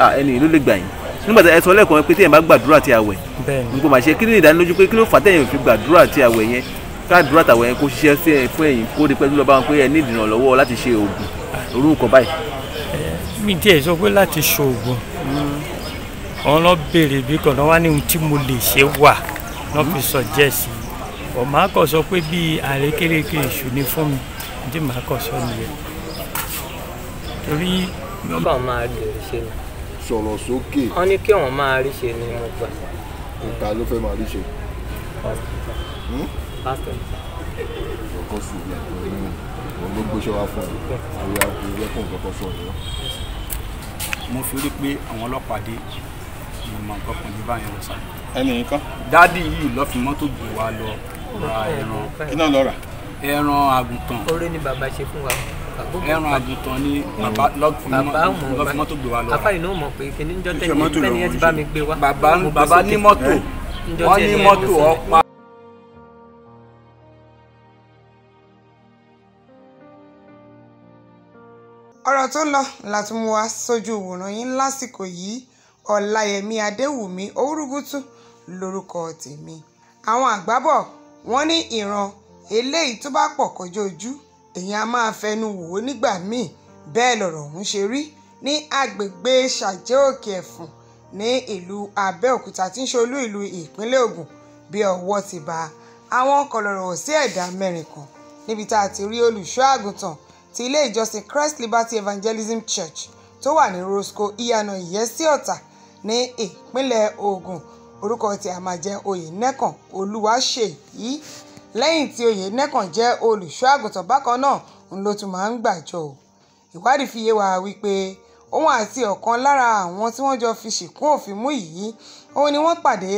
ẹni ló lè gbà yín nígbà tí ẹ sọ lẹ́ẹ̀kan pé téèyàn bá gbàdúrà àti àwẹ̀ nígbà máa ṣe kí ni ìdánilójú pé kí ló fà téèyàn fi gbàdúrà àti àwẹ̀ yẹn káàdúrà àtàwẹ̀ yẹn kó ṣiṣẹ́ sí ẹ fún ẹ̀yìn kó rí pẹ́ẹ́lú lọ́ba wọn pé ẹ ní ìdènà lọ́wọ́ láti ṣe oògùn orú nǹkan báyìí. Eh, mi díẹ̀ sọ pé láti ṣe oògùn hmm. wọn lọ béèrè bí kọ̀ọ̀nà wá ní ohun tí mo lè ṣe wà wọn fi sọ jẹ́ sí i ọ̀ máa kọ̀ sọ pé bíi sọ̀rọ̀ sókè. wọ́n ní kí òun máa rí ṣe ni mo gbà. ìta ló fẹ́ máa rí ṣe. Hmm? pásítọ̀. ọkọ sí ilé ẹ̀kọ́ inú òun ló gbéṣẹ́ wá fún ẹ lórí aago lẹ́kùn kọ́kọ́ sọ̀rọ̀. mo fi rí pé àwọn ọlọ́pàá dé ìmọ̀ nǹkan kan ní báyìí wọ̀sán. ẹnì kan. dádì yìí lọ fi mọ́tò gbé wa lọ ra ẹran. kí náà lọ rà. ẹran àgùntàn. orí ni bàbá ṣe fún wa ẹran àgùntàn ni bàbá lọ́ọ̀fù mọ́tò gbé wa lọ. àfáàní náà mọ̀ pé kí ni jọ tẹ́lẹ̀ pẹ́ni ẹ ti bá mi gbé wa. bàbá ní mọ́tò wọ́n ní mọ́tò ọ̀pá. ọ̀rọ̀ tó ń lọ láti mú wa sójú òwòrán yín lásìkò yìí ọláyẹmí adéwùmí owurugutu lórúkọ tèmi àwọn àgbábọ̀ wọ́n ní ìran eléyìí tó bá pọ̀ kọjá ojú èèyàn a máa fẹnu wò ó nígbà míì bẹ́ẹ̀ lọ̀rọ̀ ọ̀hún ṣe rí ní agbègbè ṣàjẹ́ òkè ẹ̀fọ̀n ní ìlú abẹ́òkúta tí ń ṣe olú ìlú ìpínlẹ̀ ògùn bí ọwọ́ ti bá àwọn kọlọ̀rọ̀ sí ẹ̀dá mẹ́rin kan níbi tá a ti rí olùṣọ́ àgùntàn ti ilé ìjọsìn christ liberty evangelism church tó wà ní roscoe ìyànà ìyẹ́sí ọ̀tà ní ìpínlẹ̀ ògùn orúkọ tí a máa jẹ́ oyè nẹ́kàn olúwaṣèyí lẹ́yìn tí Oyènẹ́kàn jẹ́ olùṣọ́ àgùntàn bákan náà ń ló tún máa ń gbàjọ o ìwádìí fi yé wa wípé òun àti ọ̀kan lára àwọn tí wọ́n jọ fi ṣìkún òfin mú yìí òun ni wọ́n pàdé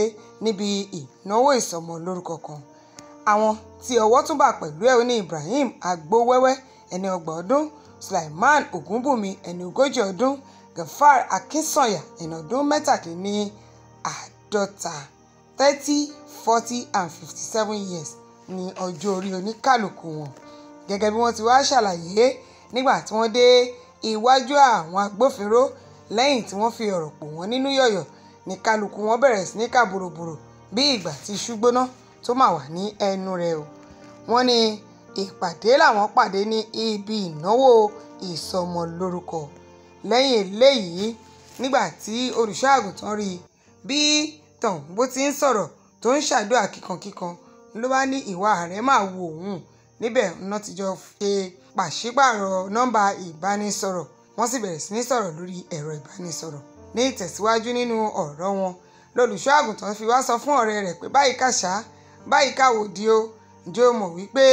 níbi ìnáwó ìsọmọ lórúkọ kan àwọn tí ọwọ́ tún bà pẹ̀lú ẹ̀ ó ní Ibrahim Agbowẹ́wẹ́ ẹni ọgbọ̀n ọdún Sulaiman Ogunbumi ẹni ogójì ọdún Gafar Akinsanya ẹni ọdún mẹ́tàdínní àádọ́ta thirty forty and fifty seven years ní ọjọ́ orí oníkàlùkù wọn gẹ́gẹ́ bí wọ́n ti wá ṣàlàyé nígbà tí wọ́n dé iwájú àwọn agbófinró lẹ́yìn tí wọ́n fi ọ̀rọ̀ pò wọ́n nínú yọ̀yọ̀ ní kálukú wọn bẹ̀rẹ̀ sí ní kà bòròbòrò bí ìgbà tí iṣu gbóná tó máa wà ní ẹnu rẹ̀ o wọ́n ní ìpàdé làwọn pàdé ní ibi ìnáwó ìsọmọlórúkọ lẹ́yìn eléyìí nígbà tí olùṣọ́ àgùntàn rí bí tọ̀hún bó ti ń sọ̀rọ̀ tó ń ṣàdúrà kíkankíkan ló bá ní ìwà ààrẹ máa wu òun níbẹ̀ náà ti jọ ṣe pàṣípààrọ̀ nọ́mbà ìbánisọ̀rọ̀ wọ́n sì bẹ̀rẹ̀ sí ní sọ̀rọ̀ lórí ẹ̀rọ ìbánisọ̀rọ̀ ní ìtẹ̀síwájú nínú ọ̀rọ̀ wọn lólùṣọ́ àgùntàn fi wá sọ fún ọ̀rẹ́ rẹ̀ pé báyìí kàṣá báyìí káwò di o ǹjẹ́ o mọ̀ wípé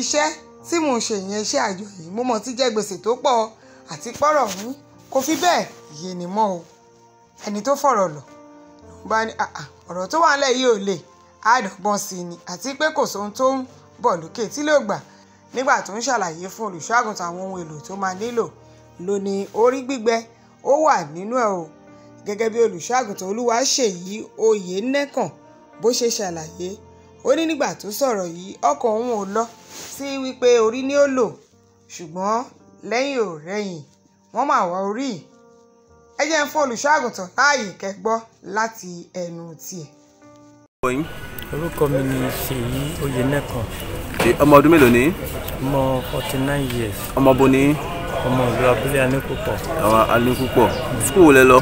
iṣẹ́ tí mò ń ṣe yẹn iṣẹ́ àjọ yìí mo mọ̀ ti jẹ́ gbèsè tó pọ̀ àti pọ́rọ̀ mú kò fi bẹ́ẹ̀ yé ni mọ́ o ẹni tó fọ̀rọ̀ lọ ló ń bá ní ọ̀rọ̀ tó wà nílẹ̀ yìí ò lè á sí ni àti pé kò sóhun tó ń bọ̀ lókè tí ló gbà nígbà tó ń ṣàlàyé fún olùṣọ́ àgùntàn àwọn ohun èlò tó máa nílò ló orí gbígbẹ ó wà nínú ẹ̀ o gẹ́gẹ́ bí olùṣọ́ àgùntàn Olúwaṣèyí Oyènẹ́kàn bó ṣe ṣàlàyé ó ní nígbà tó sọ̀rọ̀ yìí ọkàn òun ò lọ sí wípé orí ni ó lò ṣùgbọ́n lẹ́yìn ò rẹ́yìn wọ́n máa wá orí ẹ jẹ́ fún olùṣọ́ láàyè kẹ́gbọ́ láti ẹnu tiẹ̀ yín. orúkọ mi ni ṣèyí oyènẹkàn. ọmọ ọdún mélòó ni. ọmọ forty nine years. ọmọ bo ni. ọmọ ìlú abúlé aníkúpọ̀. àwọn aníkúpọ̀ skul lẹ lọ.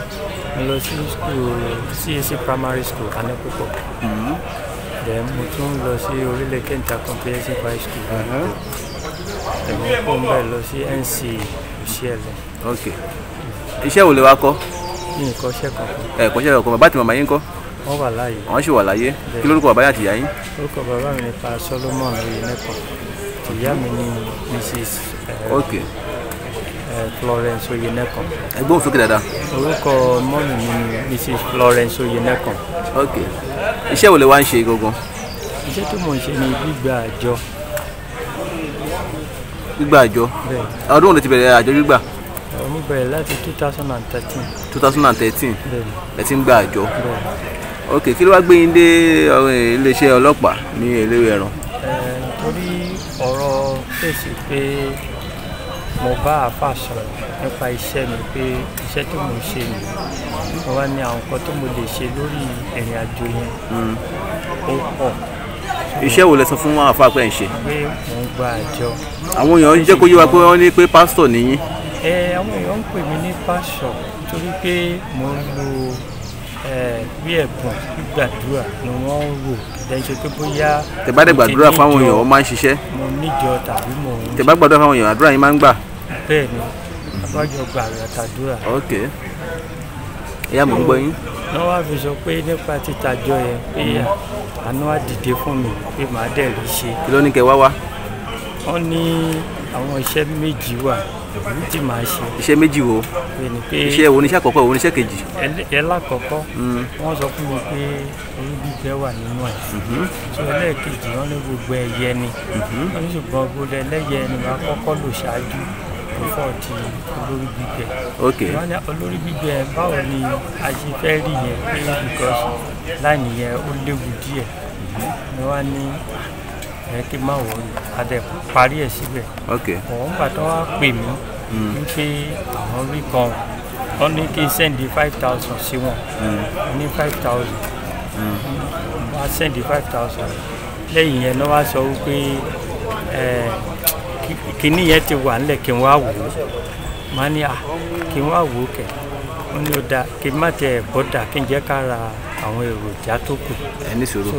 mo lọ sí skul CAC primary school aníkúpọ̀. Mm-hmm. then mo tún lọ sí orílẹ̀ kẹta comprehensive high school. Uh-huh. mo kó n bẹ́ẹ̀ lọ sí NC òṣìẹ̀lẹ̀. ok iṣẹ́ wo lè wá kọ́. mi ì kọ́ṣẹ́ kankan. ẹ̀ kọ́ṣẹ́ kankan bàbá màmá yín kọ́ wọ́n wà láàyè. àwọn sì wà láàyè kí lórúkọ bàbá àti ìyá yín. orúkọ bàbá mi ni pa Solomon Oyenepo ìyá mi ni Mrs. Eh, ok eh, Florence Oyenepo. ẹgbẹ́ òfin kìdàdà. orúkọ mọ́mì mi ni Mrs. Florence Oyenepo. ok iṣẹ́ wo lè wá ń ṣe gangan. iṣẹ́ tó mọ̀ ń ṣe ni gbígba àjọ. gbígba àjọ ọdún wo lè ti bẹ̀rẹ̀ àjọ gbígbà mo bẹ̀rẹ̀ láti two thousand and thirteen. two thousand and thirteen ẹ ti ń gba àjọ ok kí ló wá gbé yín dé iléeṣẹ́ ọlọ́pàá ní Eléwéẹran. Eh, torí ọ̀rọ̀ fèsì pé mo bá àáfàá sọ̀rọ̀ nípa iṣẹ́ mi pé iṣẹ́ tí mo ṣe nìyí mo wá ní àwọn nǹkan tí mo lè ṣe lórí ìrìn àjò yẹn hmm. ó pọ̀ iṣẹ́ wo lẹ sọ fún àfa pé ẹ̀ ń ṣe. pé mò ń gba àjọ. àwọn èèyàn jẹ́ kó yé wa pé wọ́n ní pé pásítọ̀ nìyí. ẹ eh, àwọn èèyàn ń pè mí ní pásọ torí pé mò ń lo bí ẹ̀bùn gbígbàdúrà ni wọ́n ń wò lẹ́yìn pé bóyá. tẹ́ bá dẹ̀ gbàdúrà fáwọn èèyàn ó máa ń ṣiṣẹ́. mo níjọ tàbí mo. tẹ́ bá gbàdúrà fáwọn èèyàn àdúrà yín máa ń gbà. bẹ́ẹ̀ ni abájọ gbà rẹ̀ àtàdúrà. ok ìyá mò ń gbọ́ yín. wọ́n wá fi sọ pé nípa títàjọ yẹn pé àánú á dìde fún mi pé màá dẹ̀ rí ṣe. kí ló ní kẹ wá wá. wọ́n ní àwọn iṣẹ́ méjì wà méjì máa ṣe. iṣẹ́ méjì wo iṣẹ́ wo oníṣẹ́ àkọ́kọ́ wo oníṣẹ́ kejì. ẹlákọ̀ọ́kọ́ mm. wọ́n sọ fún mi pé oyún gbígbẹ́ wà nínú ẹ̀ mm-hmm. so ẹlẹ́ẹ̀kejì wọ́n ní gbogbo ẹyẹ ni mm-hmm. wọ́n ní ṣùgbọ́n gbogbo ẹlẹ́yẹ ni wọ́n á kọ́kọ́ lò ṣáájú fọ́ di olórí gbígbẹ. ok wọ́n ní olórí gbígbẹ báwo ni a ṣe fẹ́ rí yẹn pé because láì nìyẹn ó léwu díẹ̀ ni mm-hmm. wọ́n ní yẹn kí n má wọ adẹ parí ẹ síbẹ̀. ok òun gbà tó wá pè mí mm. wípé àwọn rí kan wọn ní kí n sẹ́ndí five thousand sí wọn mm. ní five thousand mm. wọ́n á sẹ́ndí five thousand lẹ́yìn yẹn ni wọ́n sọ wípé kínní yẹn ti wà nílẹ̀ kí n wá wò ó màá ní à kí n wá wò ó kẹ̀ ó kí n má tẹ̀ bọ́dà kí n jẹ́ ká ra àwọn èròjà tó kù. ẹ ní ìṣòro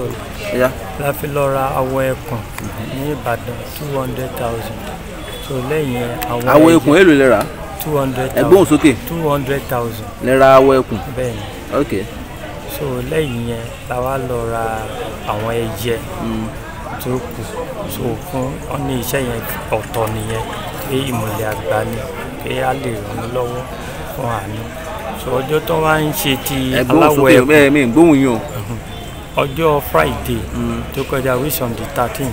ẹyá. la fi lọ ra awọ ẹkùn ní ìbàdàn two hundred thousand so lẹ́yìn awọ ẹyẹ. awọ ẹkùn èlò lè rà. two hundred thousand ẹgbọ́n sókè. two hundred thousand. lè ra awọ ẹkùn. bẹ́ẹ̀ni. ok. so lẹ́yìn yẹn la wá lọ ra àwọn ẹyẹ mm. tó kù so fún ọ ní iṣẹ́ yẹn ọ̀tọ̀ nìyẹn pé ìmọ̀lẹ̀ àgbà ni pé a lè ràn mí lọ́wọ́ fún àánú ọjọ́ tó wá ń ṣe ti aláwọ̀ ẹ̀kọ́ ọjọ́ friday mm. tó kọjá which on the thirteen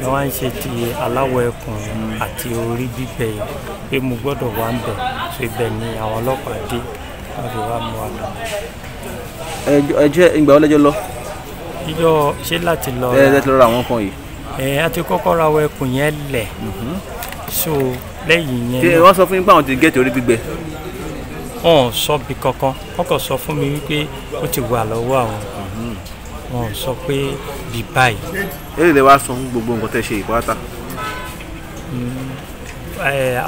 ni wọ́n á ń ṣe ti aláwọ̀ ẹkùn mm. àti orí bíbẹ̀ yìí pé mo gbọ́dọ̀ wá ń bẹ̀ so ibẹ̀ ni àwọn ọlọ́pàá dé wọ́n fi wá mú wa lọ. ẹjọ ìgbà wo lẹjọ lọ. ijọ ṣé láti lọ ra ẹ láti lọ ra àwọn kan yìí. ẹ a ti kọ́kọ́ ra àwọn ẹkùn yẹn lẹ̀ mm-hmm. so lẹ́yìn yẹn. ṣé wọ́n sọ fún yín pé àwọn ti gẹ̀ẹ́tì orí gbígbẹ wọn ò sọ bí kankan wọn kàn sọ fún mi wípé ó ti wà lọ́wọ́ àwọn wọn ò sọ pé bí báyìí. èyí lè wá sọ fún gbogbo nǹkan tẹ́ ṣe ìpátá. Hmm,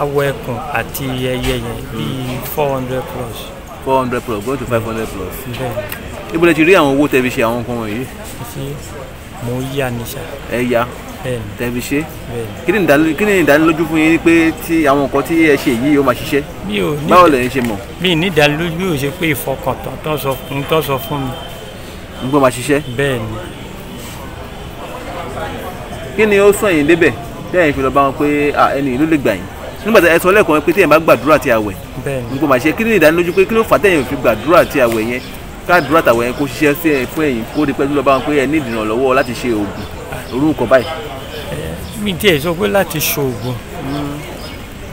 awọ ẹkùn àti ẹyẹ yẹn bíi four hundred plus. four hundred plus going to five hundred plus. Hmm, ibo lè ti rí àwọn owó tẹ́ fi ṣe àwọn nǹkan wọ̀nyí. mo yá ni sá. ẹ yá tẹ̀bi ṣe kí ni ìdánilójú kí ni ìdánilójú fún yín pé tí àwọn nǹkan tí ẹ ṣe yìí ó máa ṣiṣẹ́ báwo lè ṣe mọ̀. mi ní ìdánilójú yóò ṣe pé ìfọkàntán tó sọ fún tó sọ fún mi. n gbọ́ máa ṣiṣẹ́. bẹ́ẹ̀ ni. kí ni ó sàn yín débẹ̀ tẹ́yìn fi lọ bá wọn pé ẹni ìlú lè gbà yín nígbà tí ẹ sọ lẹ́kọ̀ọ́ pé téèyàn bá gbàdúrà àti àwẹ̀ n kò máa ṣe kí ni ìdánilójú pé kí ló fà téèyàn fi gbàdúrà àti àwẹ̀ yẹn káàdúrà àtàwẹ̀ yẹn kó ṣiṣẹ́ fún ẹ̀yìn kó di pẹ́ tó lọ bá wọn pé ẹ ní ìdìrànlọ́wọ́ láti ṣe oògùn irú nǹkan báyìí. Eh, mi díẹ̀ sọ pé láti ṣoògùn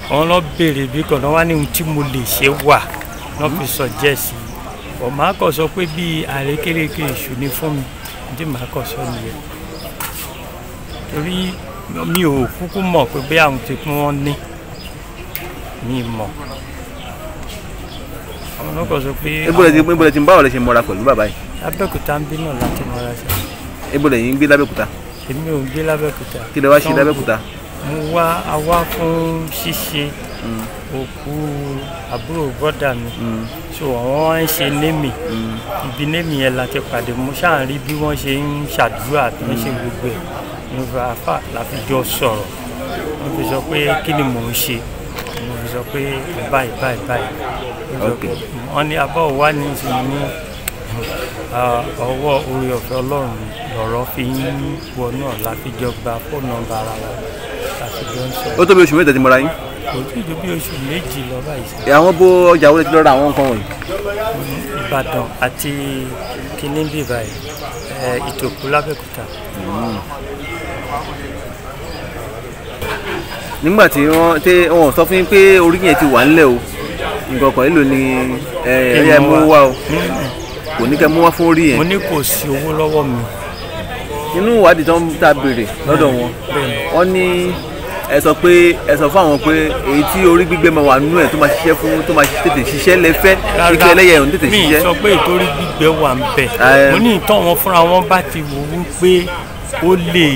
wọn lọ béèrè bí kan náà wá ní ohun tí mo lè ṣe wà náà fi sọ jẹ́sì ọ̀ máa kọ̀ sọ pé bíi àrékérekè èṣù ni fún mi tí màá kọ̀ sọ nìyẹn torí mi ò kúkú mọ̀ pé bí àwọn ti pín wọn ní mi mọ̀ àwọn náà kọ̀ sọ pé. ebole ti ń bá ọ̀rẹ́ ṣe mọ́ra pẹ̀lú bàbá yìí. Abẹ́òkúta ń bí náà láti mọ́ra ṣe. ebole yìí ń gbé lábẹ́òkúta èmi ò gbé lábẹ́òkúta. kí lè wá ṣe lábẹ́òkúta. mo wá a wá fún ṣíṣe mm. òkú àbúrò bọ́dà mi mm. so àwọn wá ń ṣe némì mm. ibi némì yẹn la ti pàdé mo ṣáà rí bí wọ́n ṣe ń ṣàdúrà àti ní ṣe gbogbo ẹ̀ mo fi àfà la fi jọ sọ̀rọ̀ mo fi sọ pé kí ni mò ń ṣe mo fi sọ pé báyìí báyìí báyìí wọ́n ní abọ́ wa ní ọwọ́ orí ọ̀fẹ́ ọlọ́run lọ̀rọ̀ fi ń wọnú ọ̀la fi jọ gba fóònù nọ́mbà ara wa láti jọ ń sọ. ó tó bí oṣù mẹ́ta tí mo ra yín. kò tí ì ju bí oṣù méjì lọ báyìí. àwọn bó ọjà wọlé ti lọ ra àwọn nǹkan wọ̀nyí. ìbàdàn àti kìnìún báyìí ìtòkú lábẹ́òkúta. Mm. nígbà tí wọ́n tẹ wọ́n sọ fún yín pé orí yẹn ti wà ńlẹ̀ o nǹkan kan èlò ni ẹ̀yà mú wá o kò ní kẹ́ mú wá fún orí yẹn. mo ní kò sí owó lọ́wọ́ mi. inú ìwádìí tó ń ta béèrè lọ́dọ̀ wọn wọ́n ní ẹ sọ pé ẹ sọ fún àwọn pé èyí tí orí gbígbẹ máa wà nínú ẹ tó máa ṣiṣẹ́ fún tó máa tètè ṣiṣẹ́ lẹ́fẹ́ ike ẹlẹ́yẹ ọ̀hún tètè ṣiṣẹ́. mi sọ pé ìtorí gbígbẹ wà ń bẹ mo ní ìtàn wọn fúnra wọn bá ti wò ó pé ó lè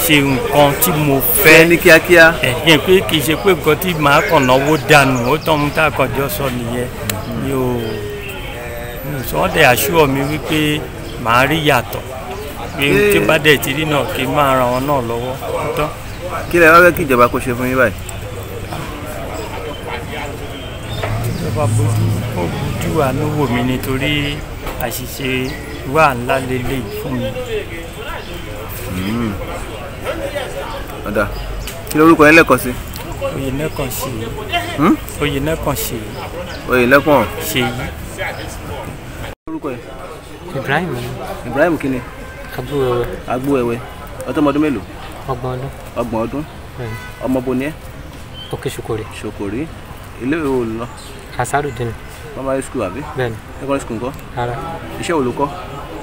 ṣe nǹkan tí mo fẹ́. ní kíákíá. ẹ̀yìn pé kì í ṣe pé nǹkan tí màá kàn náwó dànù ó tán mú tá a kàn jọ sọ nìyẹn ni o wọ́n dẹ̀ àṣùwọ̀ mi wípé màá rí yàtọ̀ pé tí bá dẹ̀ ti rí náà kí n máa ran wọn náà lọ́wọ́ tán. kí lẹ wá fẹ́ kí ìjọba kó ṣe fún yín báyìí. ìjọba bójú bójú àánú wò mí nítorí àṣìṣe wà ńlá lélẹ̀ fún mi. Hmm. ọ̀dà kí lórúkọ yín lẹ́kọ̀ọ́ sí. Oyèlẹ́kàn hmm? Ṣèyí. Oyèlẹ́kàn Ṣèyí. Oyèlẹ́kàn. Ṣèyí orúkọ ẹ. Ibrahim ni. Ibrahim kí ni. agbóhẹwẹ. agbóhẹwẹ ọtọmọdún mélòó. ọgbọ̀n ọdún. ọgbọ̀n ọdún. ọmọ bo ni ẹ. òkè ṣokòrè. ṣokòrè ilé ìwé olùlọ. asarudin. primary school àbí. bẹ́ẹ̀ni. secondary school ńkọ́. rárá. iṣẹ́ olùkọ́.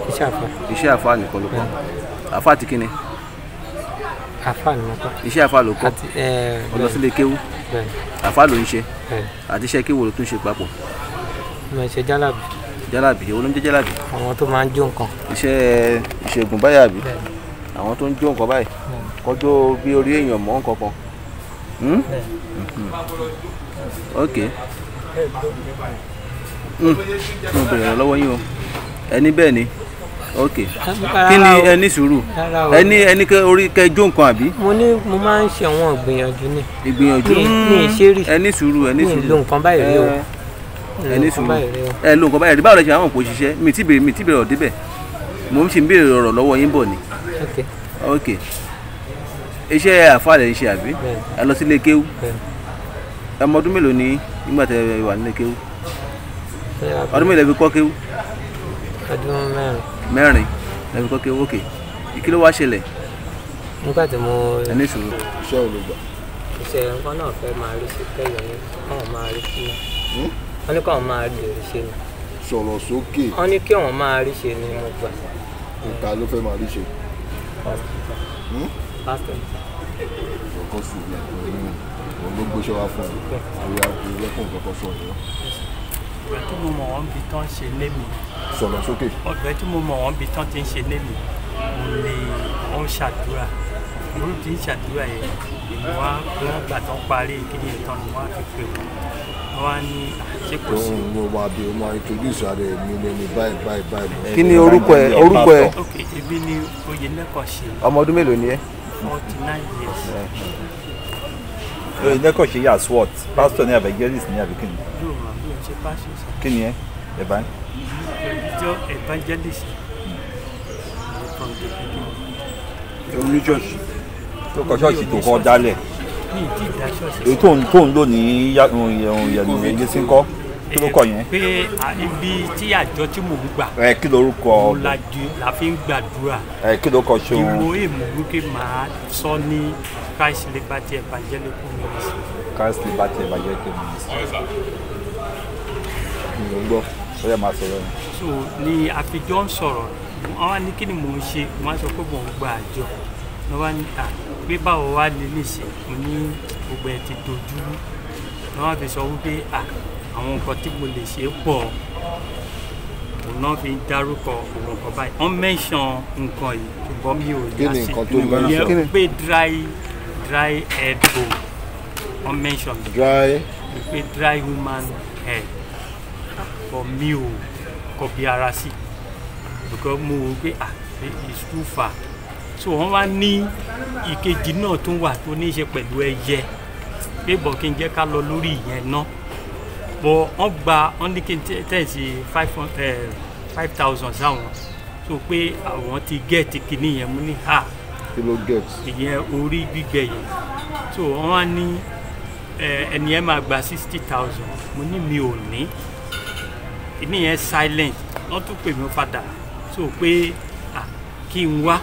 iṣẹ́ àfa. iṣẹ́ àfa nìkan ló kọ́. àfa àti kí ni. àfa ni mo kọ́. iṣẹ́ àfa ló kọ́. àti ẹ̀ẹ́ bẹ́ẹ̀ni. ọlọsílẹ̀ kéwú. bẹ́ẹ̀ni. àfa ló ń ṣe. bẹ́ẹ̀ni. àti iṣẹ́ kéwú ló tún ṣe papọ̀. mo ṣe jálàbí jálàbí owó ló ń jẹ́ jálàbí. àwọn tó máa ń jó nǹkan. iṣẹ́ ìṣègùn báyìí àbí àwọn tó ń jó nǹkan báyìí kọjọ́ bí orí èèyàn mọ́ nǹkan kan. Hmm? ok hmm. mo bèrè lọ́wọ́ yín o ẹni bẹ́ẹ̀ ni ok kí ni ẹni sùúrù ẹni ẹni orí kẹjọ nǹkan àbí. mo ní mo máa ń ṣe àwọn ìgbìyànjú ni. ìgbìyànjú ní ìṣeré ẹni sùúrù ẹni sùúrù mi ì nǹkan báyìí rí o. Eh ẹ ní sùúrù ẹ lo nǹkan báyìí rí báwo lẹ ṣe àwọn òpó ṣiṣẹ́ mi ti bèrè mi ti bèrè ọ̀dẹ́ bẹ̀ mo ń ṣe ń bèrè ọ̀rọ̀ lọ́wọ́ yín bọ̀ ni. ok iṣẹ́ àfàlẹ̀ iṣẹ́ àbí ẹ lọ sílé kéwú ọmọ ọdún mélòó ni nígbà tẹ ẹ wà nílé kéwú ọdún mélòó fi kọ́ kéwú. ọdún mẹ́rin. mẹ́rin ẹ fi kéwú ok kí ló wá ṣẹlẹ̀. nígbà tí mo. ẹ ní sùúrù. iṣẹ́ olùgbà. iṣẹ́ nǹkan náà fẹ́ máa rí sí kẹ́yọ̀ ní káwọn máa rí sí náà wọ́n ní kí àwọn máa rí èrè ṣe ni. sọ̀rọ̀ sókè. wọ́n ní kí àwọn máa rí ṣe ni mo gbà. ìta ló fẹ́ máa rí ṣe. pásítọ̀. Hmm? ọkọ sí ilé òun ló gbéṣẹ́ wá fún ẹ ìyá ìrẹ́kùn kọkọ sọ ọ̀rọ̀. ọ̀gbẹ́ tí mo mọ̀ wọ́n bí tán ṣe lé mi. sọ̀rọ̀ sókè. ọ̀gbẹ́ tí mo mọ̀ wọ́n bí tán ti ń ṣe lé mi ni ó ń ṣàdúrà mo ti ń ṣàdúrà yẹn ìwà gbà tán parí ìkíni ìtàn ni wọn á fi pè wọn wá ní ṣé kò sí. mo wà bí mo introduce ara ẹ mi lẹni báyìí báyìí báyìí. kí ni orúkọ ẹ orúkọ ẹ. ok èmi ni oyè lẹ́kọ̀ọ́ ṣe. ọmọ ọdún mélòó ni ẹ. forty nine years. oyè lẹ́kọ̀ọ́ ṣe yà swot pastor ní evangelist ní àbíkí yóò máa bí o ṣe pastor. kí ni ẹ ẹ̀bá. ìjọ evangelist from the beginning. oníjọ́sì tó kọ́ ṣọ́ọ̀ṣì tó kọ́ dálẹ̀ èyí tó ń tó ń lò ní yẹnu yẹnu sí kọ́ kí ló kọ yẹn. pé ibi tí àjọ tí mò ń gbà. ẹ kí lorúkọ. mo la di la fi ń gbàdúrà. ẹ kí ló kọ ṣeun. ìwo èmùgbókè máa sọ ní Christ Liberty Evangelical Ministry. Christ Liberty Evangelical Ministry. mi ò gbọ́ ó yẹ máa sọ̀rọ̀ yẹn. so ni àfijọ́ ń sọ̀rọ̀ wọn wá ní kí ni mò ń ṣe wọn á sọ pé mò ń gba àjọ wọn wá ní à pé báwo wá lè lè ṣe mo ní gbogbo ẹ̀ ti dojú ni wọ́n fi sọ wípé àwọn nǹkan tí mo lè ṣe pọ̀ òun náà fi dárúkọ òun nǹkan báyìí wọ́n mẹ́sàn nǹkan yìí ṣùgbọ́n mi ò dá sí i ìyẹn pé dry dry head o wọ́n mẹ́sàn mi pé dry woman head but mi ò kọbi ara sí because mo wò pé ah it's too far so wọ́n wá ní ìkejì náà tún wà tó ní í ṣe pẹ̀lú ẹyẹ pé bọ̀ kí n jẹ́ ká lọ lórí ìyẹn náà bọ̀ wọ́n gba wọ́n ní kí n tẹ̀sí five thousand sáwọn so pé àwọn ti gẹ̀ẹ́tì kìíní yẹn mú ní ha kilo get. ìyẹn orí gbígbẹ yẹn so wọ́n wá ní ẹni ẹ máa gba sixty thousand mo ní mi ò ní ìní silent wọ́n tún pè mí padà so pé kí n wá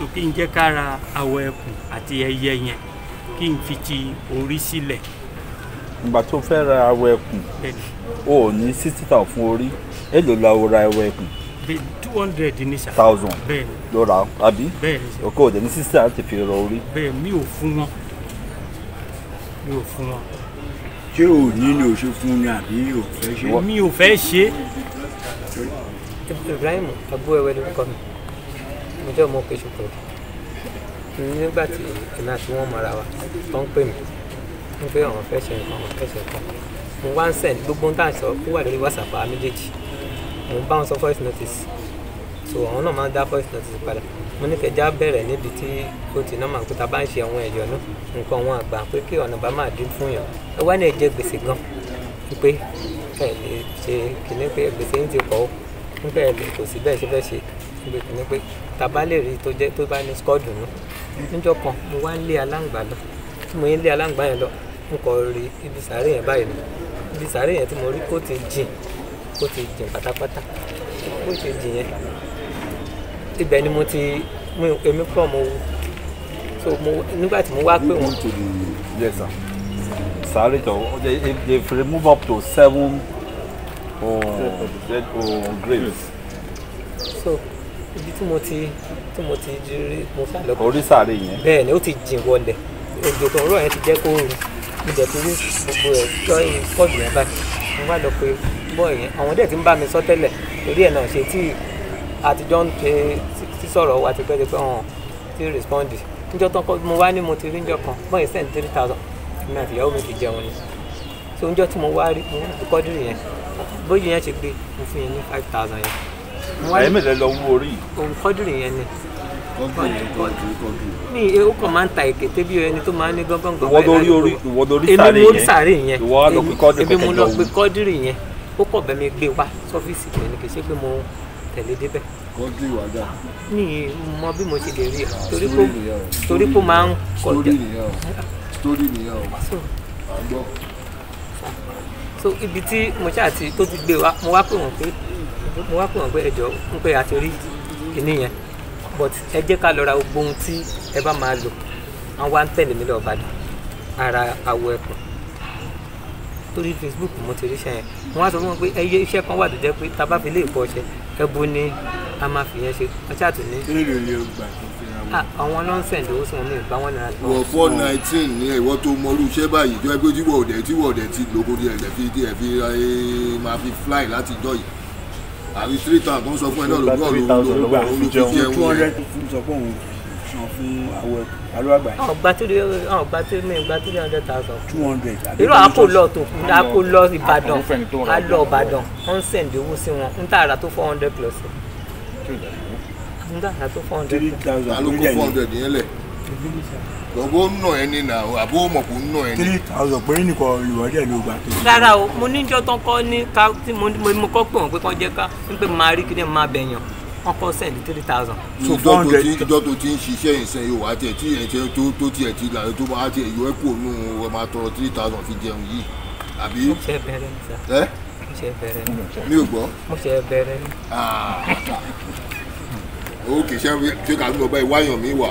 so kí n jẹ́ kára àwọ̀ ẹkùn àti ẹyẹ yẹn kí n fi ti orí sílẹ̀. ìgbà tó fẹ́ ra àwọ̀ ẹkùn o ò ní sixty thousand fún orí èlò la o ra àwọ̀ ẹkùn. two hundred ní sà. thousand ló ra àbí òkè òde ní sixty thousand ti fi rọ orí. bẹ́ẹ̀ mi ò fún wọn mi ò fún wọn. ṣé o ní ni o ṣe fún ni àbí o fẹ́ ṣe. mi ò fẹ́ ṣe. Ibrahim abu ewe lórúkọ mi mo jẹ́ ọmọ òkè ṣòkòrò nígbà tí èmi àti wọn mọ̀ra wa tó ń pè mí ń pé àwọn fẹ́ ṣe nǹkan àwọn fẹ́ nǹkan mo wá ń send gbogbo ń tà sọ kó wà lórí whatsapp àwa méjèèjì mo bá wọn sọ voice notice so àwọn náà máa ń dá voice notice padà mo ní kẹjá bẹ̀rẹ̀ níbi tí ó ti náà máa ń kúta bá ń ṣe àwọn ẹ̀yọ́ náà nǹkan wọn àgbà pé kí ọ̀nà bá máa dín fún yàn ẹ wá ní ẹ̀jẹ̀ gbèsè gan pé ẹ lè ṣe kìnní pé gbèsè ń ti pọ̀ ó ń pẹ́ lè kò sí bẹ́ẹ̀ ṣe bẹ́ẹ̀ ṣe ìbẹ̀ tẹ̀ ni pé tàbá lè rí tó jẹ́ tó bá ní skọ́ọ̀dù nù níjọ́ kan mo wá lé aláǹgbá lọ tí mo yín lé aláǹgbá yẹn lọ mo kọ rí ibi sàárè yẹn báyìí lọ ibi sàárè yẹn tí mo rí ó ti jìn ó ti jìn pátápátá ó ti jìn yẹn ibẹ̀ ni mo ti èmi pọ̀ mo wù so mo nígbà tí mo wá pé wọn. yes sir sàárè tó they they remove up to seven um, oh, oh, graves. so ibi tí mo ti tí mo ti ju mo fà lọ. orí sàárè yẹn. bẹ́ẹ̀ ni ó ti jìn wọlẹ̀ òjò kan rọ̀ yẹn ti jẹ́ kó rù mo dẹ̀ ti rí gbogbo ẹ̀ tọ́ pọ́ọ̀jù yẹn báyìí mo wá lọ pé bọ́ọ̀ yẹn àwọn dẹ̀ ti ń bá mi sọ tẹ́lẹ̀ torí ẹ̀ náà ṣe tí àtijọ́ ń pe sísọ̀rọ̀ wa ti pẹ́ẹ́dẹ́ pé ọ̀hún ti rìspọ́ndì níjọ́ tán mo wá ní mo ti rí níjọ́ kan bọ́ọ̀ yẹn send three thousand mi àti ìyàwó mi ti jẹun ni so níjọ́ tí mo wá rí mo kọ́ dìrì yẹn bóyá yẹn ṣe gbé mo fún yẹn ní five thousand yẹn ẹ̀mí lẹ lọ wú orí yìí. òun kọ́dùrì yẹn ni. mi ó kàn máa ń ta èkété bí ẹni tó máa ń ní gángan gbọ̀ngàn. ìwọ lórí orí ìwọ lórí sàárè yẹn èmi mo sàárè yẹn ìwọ á lọ pé kọ́dùrì kẹ̀kẹ́ lọ wú. èmi mo lọ pé kọ́dùrì yẹn ó kọ̀ bẹ́ẹ̀ mi gbé wá sọ́fíìsì mi ni kì í ṣe pé mo tẹ̀lé débẹ̀. kọ́dùrì wà dà. mi mọ bí mo ṣe lè rí i torí kó máa ń kọ̀ dẹ̀. story nìyẹn o so ibi tí mo ṣáà ti tó ti gbé wa mo wá pè wọ́n pé mo wá pè wọ́n pé ẹjọ́ ń pé a ti rí kinní yẹn but ẹ jẹ́ ká lọ ra gbogbo ohun tí ẹ bá máa lò wọ́n wá ń tẹ̀lé mi lọ́ọ́ Ìbàdàn ara awọ ẹkùn torí Facebook mo ti ríṣẹ́ yẹn wọ́n á sọ fún mi pé ẹyẹ iṣẹ́ kan wà tó jẹ́ pé tá a bá fi lè bọ́ ọṣẹ ẹbu ni a máa fi yẹn ṣe ọṣẹ àtúní. kí ló lè gbà tó fi ra wọn. Ah, àwọn nọ́ńsẹ̀ǹd owó sí wọn ní ìgbà wọn náírà. wọ four nineteen ní ìwọ tó mọlú iṣẹ́ báyìí jọ ẹgbẹ́ tí wọ́ọ̀dẹ̀ tí wọ́ọ̀dẹ̀ ti lòkòdì ẹ̀dẹ̀ fi máa fi fly láti jọ yìí àbí three thousand kan sọ fún ẹ náà ló gbọ́ fi jẹun two hundred sọ fún òun san fún àwọn alúwàgbà yìí. ọgbà tó ọgbà tó mi ọgbà tó three hundred thousand. two hundred. irú àpò lọ tó kù àpò lọ Ìbàdàn á lọ Ìbàdàn ó ń sẹ̀ǹdì owó sí wọn ń tààrà tó four hundred plus. ń tààrà tó four hundred. three thousand ló lẹ̀ ní gbogbo ń nà ẹni nà àbó mọ̀ ń nà ẹni. three thousand péré nìkan ìwádìí ẹ̀ ló gbà tó. rárá o mo níjọ́ tán kọ́ ní ká tí mo kọ́ pé wọ́n pé kán jẹ́ ká ń pè máa rí kí ni máa bẹ̀yàn wọn kọ sẹ́ẹ̀dì three thousand. so four hundred ìjọ tó ti ń ṣiṣẹ́ ìṣẹ́ yìí wà tiẹ̀ tí ẹ̀ tiẹ̀ tó tiẹ̀ ti là tó wà tiẹ̀ yọ ẹ́ kó nù ẹ máa tọrọ three thousand fi jẹun yìí àbí. mo ṣe bẹ̀rẹ̀ ní mo ṣe bẹ̀rẹ̀ ní. mi ò gbọ́. Ah, ok ṣé ṣé kàdúgbò báyìí wáyàn mi wà.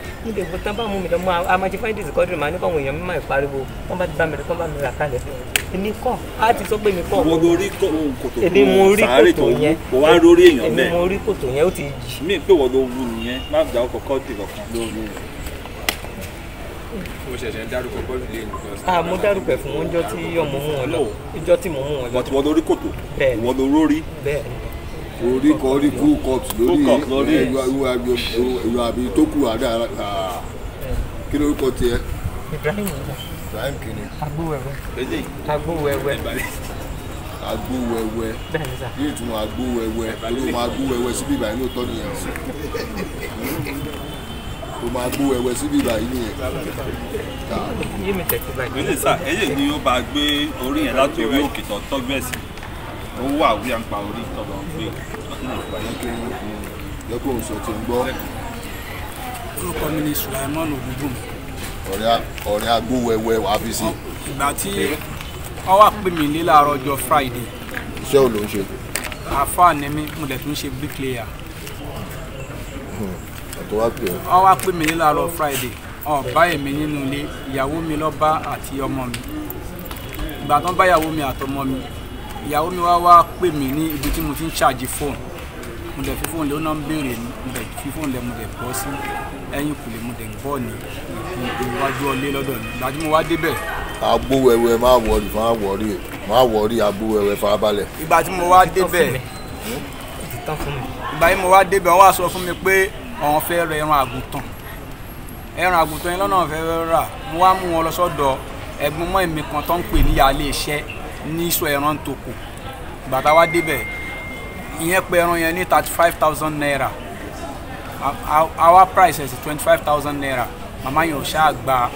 níbi ìbò tán bá mú mi lọ mọ amájí fáyidì ìsìkọ́dúrì máa ní kọ́ àwọn èèyàn mímọ́ ìpariwo wọ́n bá ti bá mi lọ kọ́ bá mi rà kalẹ̀ èmi kọ́ á ti sọ pé mi kọ́ wọ́n lórí kòtò èmi mo rí kòtò yẹn kò wá lórí èèyàn bẹ́ẹ̀ èmi mo rí kòtò yẹn ó ti jì. mi pé wọ́n ló wu nìyẹn má gbà ọkọ̀ kọ́ọ̀dì kankan lórí rẹ̀. mo ṣẹ̀ṣẹ̀ dárúkọ bọ́ọ̀lù lé ah, mo dárúkọ fún wọn tí ọmọ mú wọn lọ ìjọ́ tí mo mú wọn lọ orí kan rí full cup lórí ìwà àbí tó kù àdá kí ló kọ tiẹ̀. Ibrahim Ibrahim kini. agbówẹwẹ. agbówẹwẹ. agbówẹwẹ. bẹ́ẹ̀ni sá. yóò tún agbówẹwẹ ló máa gbówẹwẹ síbí ìgbà yìí ló tọ́ nìyẹn o máa gbó ẹwẹ síbí ìbàyí nìyẹn. yé mi tẹ̀síwájú. ìrèlè sá ẹyẹ ni ó bá gbé orí yẹn látòrí òkè tó tọ́gbẹ́sì tó wà wí à ń pa orí tọ̀dọ̀ gbé lẹ́kọ̀ọ́ sọ ti ń gbọ́. orúkọ mi ni Sulaiman Ogunbumi. ọ̀rẹ́ agbó wẹ́wẹ́ wàá fi sí. ìgbà tí wọ́n wá pè mí lé láàárọ̀ ọjọ́ Friday. iṣẹ́ ò ló ń ṣe. àfáà ni mí mo dẹ̀ tún ṣe bricklayer. Hmm, ọ̀tọ̀ wá pè é. wọ́n wá pè mí lé láàárọ̀ Friday ọba èmi nínú ilé ìyàwó mi lọ́ba àti ọmọ mi ìgbà tán bá ìyàwó mi àtọmọ mi ìyàwó mi wá wá pè mí ní ibi tí mo ti ń ṣàjì fóònù mo dẹ̀ fi fóònù lé ó náà ń béèrè mo dẹ̀ fi fóònù lé mo dẹ̀ bọ́ sí ẹ̀yìn kùlé mo dẹ̀ bọ́ ní iwájú ọlé lọ́dọ̀ mi ìgbà tí mo wá débẹ̀. agbó wẹwẹ má wọrí má wọrí má wọrí agbó wẹwẹ farabalẹ̀. ìgbà tí mo wá débẹ̀ ìgbà tí mo wá débẹ̀ wọ́n wá sọ fún mi pé àwọn fẹ́ rẹ ẹran àgùntàn ẹran àgùntàn yẹn lọ́nà fẹ́ rà mo wá mú wọn lọ sọ́dọ̀ ẹ̀gbọ́n mọ́ èmi kan tó ń pè ní yàrá ilé iṣẹ́ ní sọ ẹran tó kù gbàtà wa débẹ̀ ìyẹn pé ẹran yẹn ní thirty five thousand naira our price is twenty five thousand naira màmá yẹn ò ṣáà gba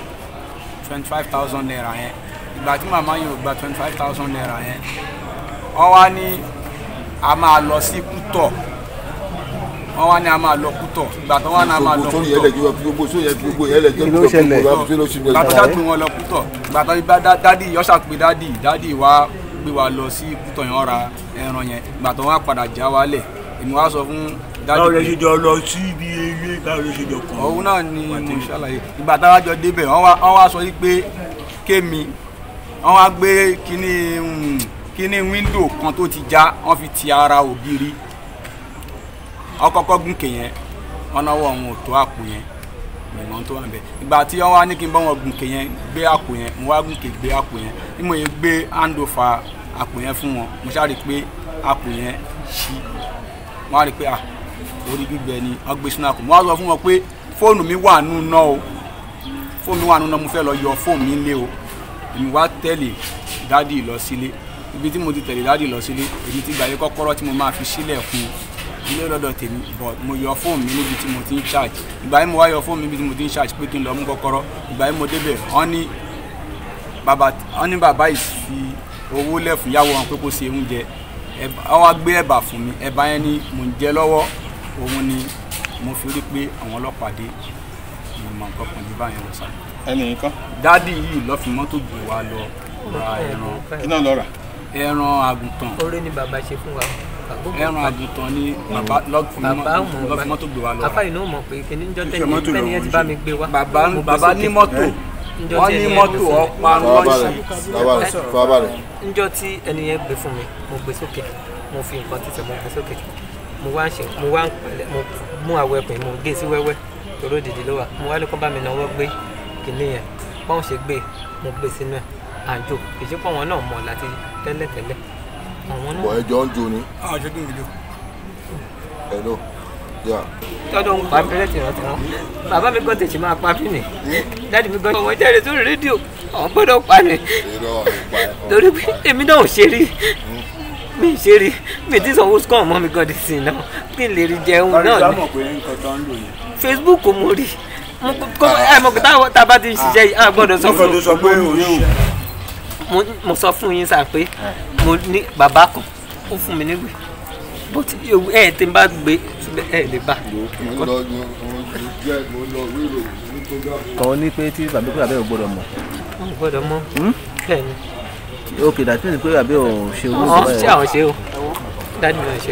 twenty five thousand naira yẹn ìgbà tí màmá yẹn gba twenty five thousand naira yẹn ó wá ní a máa lọ sí kútọ̀ wọ́n wá ní a máa lọ kútọ̀ ìgbà tó wá ní a máa lọ kútọ̀ gbogbo tó yẹ gbogbo yẹ lẹ jẹ kútọ̀ gbogbo ìgbà tó dàpé wọn lọ kútọ̀ ìgbà dádì yọ́ṣà pé dádì dádì wa gbé wa lọ sí kútọ̀ yẹn ra ẹran yẹn ìgbà tó wá padà já wa lẹ̀ èmi wá sọ fún dádì. báwo lè ṣe jọ lọ sí ibi eré báwo lè ṣe jọ kàn. òun náà ni mo ṣàlàyé ìgbà táwa jọ débẹ̀ wá sọ pé kémi ọkọ̀ọ̀kọ̀ gùnkè yẹn wọn náwó ọ̀hún ò tó àpò yẹn mìíràn tó wà ń bẹ ìgbà tí wọn wá ní kí n bá wọn gùnkè yẹn gbé àpò yẹn mo wá gùnkè gbé àpò yẹn bí mo yẹ gbé handover àpò yẹn fún wọn mo ṣáà rí i pé àpò yẹn ṣí wọn á rí i pé à ah, orí gbígbẹ ni wọn gbé sínú àpò mo wá sọ fún wọn pé fóònù mi wà nù náà o fóònù mi wà nù náà mo fẹ́ lọ yọ fóònù mi lé o èmi wá tẹ̀lé dádì lọ sílé ibi tí mo ti tẹ̀lé dádì lọ sílé èmi ti gbàgbé kọ́kọ́rọ́ tí mo máa fi sílẹ̀ fún un ilé lọ́dọ̀ tèmi but mo yọ fóònù mi níbi tí mo ti ń charge ìgbà yìí mo wá yọ fóònù mi níbi tí mo ti ń charge pé kí n lọ mú kọ́kọ́rọ́ ìgbà yìí mo débẹ̀ wọ́n ní bàbá wọ́n ní bàbá yìí fi owó lẹ̀ fún ìyàwó wọn pé kó ṣe oúnjẹ wọ́n wá gbé ẹ̀bà fún mi ẹ̀bà yẹn ni mò ń jẹ lọ́wọ́ òun ni mo fi rí pé àwọn ọlọ́pàá dé mo mọ nǹkan kan ní báyẹn lọ sá. ẹnì kan. dádì yìí lọ fi mọ́tò gbé wa lọ ra ẹran. ẹran àgùntàn. oore ni bàbá ṣe fún wa ẹran àgùntàn ni hmm. bàbá lọ́gbọ̀n mọ́tò gbé wa lọ. afáàlì náà mọ̀ pé kìnìún jọ tẹ́lẹ̀ pẹ́ni yẹn ti bá mi gbé wa. bàbá ní mọ́tò wọ́n ní mọ́tò ọ̀pá lọ́ọ̀ṣì. njọ́ tí ẹni yẹn gbé fún mi mo gbé sókè mo fi nǹkan títẹ̀ mo gbé sókè mo wá ń ṣe mo wá ń palẹ̀ mo mú àwọ̀ ẹ̀pìn mo gé e sí wẹ́wẹ́ tòró dìde ló wà mo wá ní kó bá mi náwó gbé kìnìún yẹn báwọn ṣe gbé e, mo gbé e sínú ẹ̀ àjò ìṣepọ̀ wọn náà mọ̀ láti tẹ́lẹ̀tẹ́lẹ̀ bọ̀ ẹ jọ ń jó ni. àwọn ah, ṣe kí n gbèjọ. ẹ lọ yà. tọ́jú ohun pa bẹ́rẹ̀ tìrọ̀tìrọ̀ bàbá mi gbọ́dọ̀ ṣe máa pa bí ni hm? dáàdi mi gbọ́dọ̀ ọmọ jẹ́rìí sórí rédíò àwọn gbọ́dọ̀ pa ni. torí pé èmi náà ò ṣe rí hm? mi ṣe rí mi ti sanwó sukọ̀ mọ́ mi gan-an sí náà kí n lè rí jẹun náà ni. Facebook mo rí mo kò ah. tá a bá ti ń ṣiṣẹ́ yìí a gbọ́dọ̀ sọ fún un mo sọ fún yín sá pé hm mo ní bàbá kan ó fún mi níwèé bó ti ewu ẹ̀ tí n bá gbé síbẹ̀ ẹ̀ lè bà. kàn ó ní pé tí bàbá kúrò abẹ́ ò gbọ́dọ̀ mọ̀. ó gbọ́dọ̀ mọ̀ hmm? bẹ́ẹ̀ ni. ok dàtí ní pé abẹ́ ò ṣe owó ìgbà ṣé àwọn ṣe o dáàdì mi ò ṣe.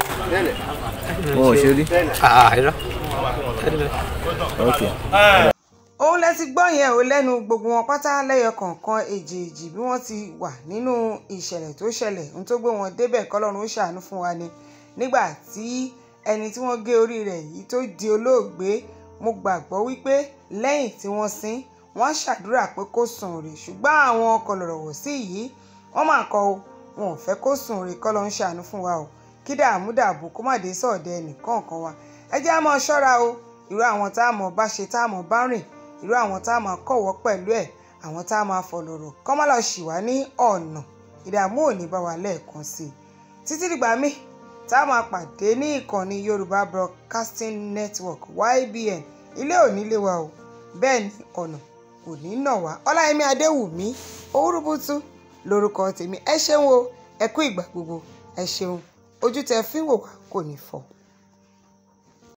wọn ò ṣe rí. Ah, ok. Eh òun lẹ ti gbọ́ yẹn ò lẹ́nu gbogbo wọn pátá lẹ́yọ kọ̀ọ̀kan èjèèjì bí wọ́n ti wà nínú ìṣẹ̀lẹ̀ tó ṣẹlẹ̀ ń tó gbé wọn débẹ̀ kọ́lọ́run ó ṣàánú fún wa ni nígbà tí ẹni tí wọ́n gé orí rẹ̀ yìí tó di olóògbé mo gbàgbọ́ wípé lẹ́yìn tí wọ́n sin wọ́n ṣàdúrà pé kó sùn rè ṣùgbọ́n àwọn kọlọ̀rọ̀wọ̀ sí yìí wọ́n mà kọ o wọn ò fẹ́ kó sùn rè kọ́lọ́run ṣàánú fún wa o kí dààmú dààbò kó má dé sọ̀dẹ̀ ẹnìkọ̀ọ̀kan wa ẹ jẹ́ á mọ̀ irú àwọn tá a máa kọ̀wọ́ pẹ̀lú ẹ̀ àwọn tá a máa fọ̀lọ̀rọ̀ kọ́ má lọ ṣì wá ní ọ̀nà ìdààmú ò ní bá wa lẹ́ẹ̀kan sí i títí dìgbà mi tá a máa pàdé ní ìkànnì Yorùbá Broadcasting Network YBN ilé ò ní lé wa o bẹ́ẹ̀ ni ọ̀nà kò ní nà wá Ọláyẹmí Adéwùmí Owúrúbútú lórúkọ tèmi ẹ ṣeun o ẹ kú ìgbà gbogbo ẹ ṣeun ojú tẹ fíwò kò ní fọ́.